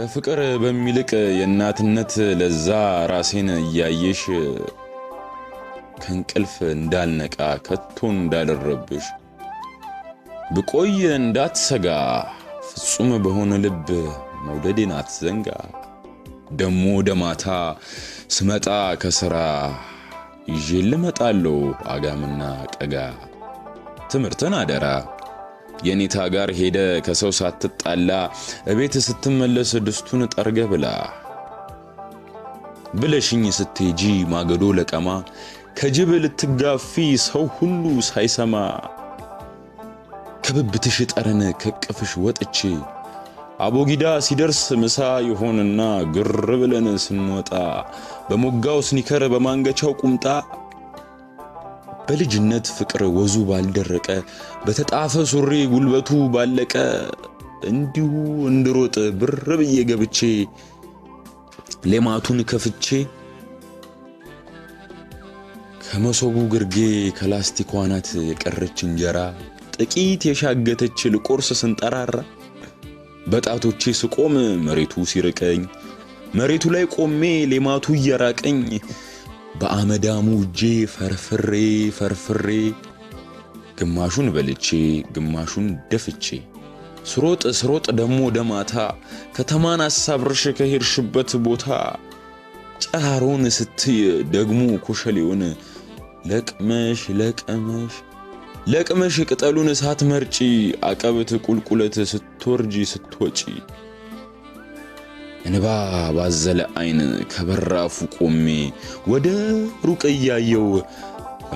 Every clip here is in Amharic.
ከፍቅር በሚልቅ የእናትነት ለዛ ራሴን እያየሽ ከእንቅልፍ እንዳልነቃ ከቶ እንዳልረብሽ ብቆይ እንዳትሰጋ ፍጹም በሆነ ልብ መውደዴን አትዘንጋ። ደሞ ደማታ ስመጣ ከሥራ ይዤ ልመጣለሁ አጋምና ቀጋ ትምህርትን አደራ የኔታ ጋር ሄደ ከሰው ሳትጣላ እቤት ስትመለስ ድስቱን ጠርገ ብላ ብለሽኝ ስትሄጂ ማገዶ ለቀማ ከጅብ ልትጋፊ ሰው ሁሉ ሳይሰማ ከብብትሽ ጠረን ከቅፍሽ ወጥቼ አቦጊዳ ሲደርስ ምሳ ይሆንና ግር ብለን ስንወጣ በሞጋው ስኒከር በማንገቻው ቁምጣ በልጅነት ፍቅር ወዙ ባልደረቀ በተጣፈ ሱሪ ጉልበቱ ባለቀ እንዲሁ እንድሮጥ ብር ብዬ ገብቼ ሌማቱን ከፍቼ ከመሶቡ ግርጌ ከላስቲክ ዋናት የቀረች እንጀራ ጥቂት የሻገተች ልቆርስ ስንጠራራ በጣቶቼ ስቆም መሬቱ ሲርቀኝ መሬቱ ላይ ቆሜ ሌማቱ እየራቀኝ በአመዳሙ እጄ ፈርፍሬ ፈርፍሬ ግማሹን በልቼ ግማሹን ደፍቼ ስሮጥ ስሮጥ ደሞ ደማታ ከተማን አሳብርሽ ከሄድሽበት ቦታ ጨራሮን ስትይ ደግሞ ኮሸሌውን ለቅመሽ ለቅመሽ ለቅመሽ ቅጠሉን ሳትመርጪ አቀበት ቁልቁለት ስትወርጂ ስትወጪ እንባ ባዘለ አይን ከበራፉ ቆሜ ወደ ሩቅ እያየው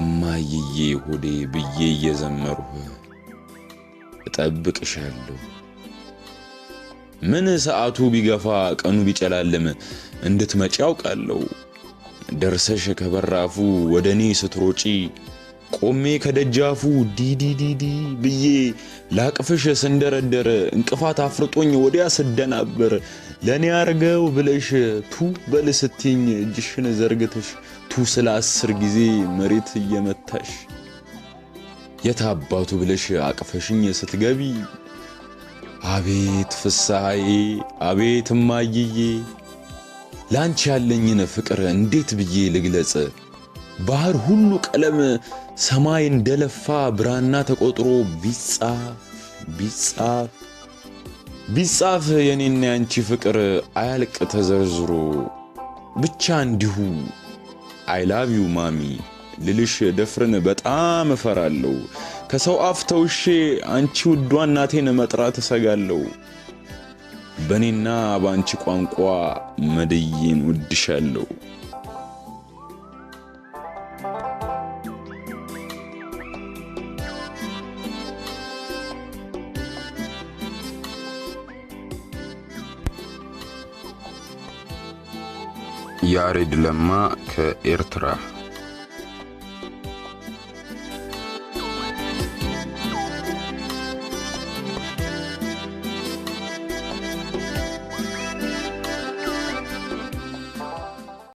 እማይዬ ሆዴ ብዬ እየዘመርሁ እጠብቅሻለሁ። ምን ሰዓቱ ቢገፋ ቀኑ ቢጨላለም እንድትመጪ ያውቃለሁ። ደርሰሽ ከበራፉ ወደ እኔ ስትሮጪ ቆሜ ከደጃፉ ዲዲዲዲ ብዬ ላቅፍሽ ስንደረደር እንቅፋት አፍርጦኝ ወዲያ ስደናበር ለእኔ አርገው ብለሽ ቱ በል ስትኝ እጅሽን ዘርግተሽ ቱ ስለ አስር ጊዜ መሬት እየመታሽ የታባቱ ብለሽ አቅፈሽኝ ስትገቢ አቤት ፍሳዬ አቤት እማይዬ ላንቺ ያለኝን ፍቅር እንዴት ብዬ ልግለጽ? ባህር ሁሉ ቀለም ሰማይ እንደለፋ ብራና ተቆጥሮ ቢጻፍ ቢጻፍ ቢጻፍ የኔና ያንቺ ፍቅር አያልቅ ተዘርዝሮ ብቻ እንዲሁ ዩ ማሚ ልልሽ ደፍርን በጣም እፈራለሁ። ከሰው አፍ ተውሼ አንቺ ውዷ እናቴን መጥራት እሰጋለሁ። በእኔና በአንቺ ቋንቋ መድዬን ውድሻለሁ። ያሬድ ለማ ከኤርትራ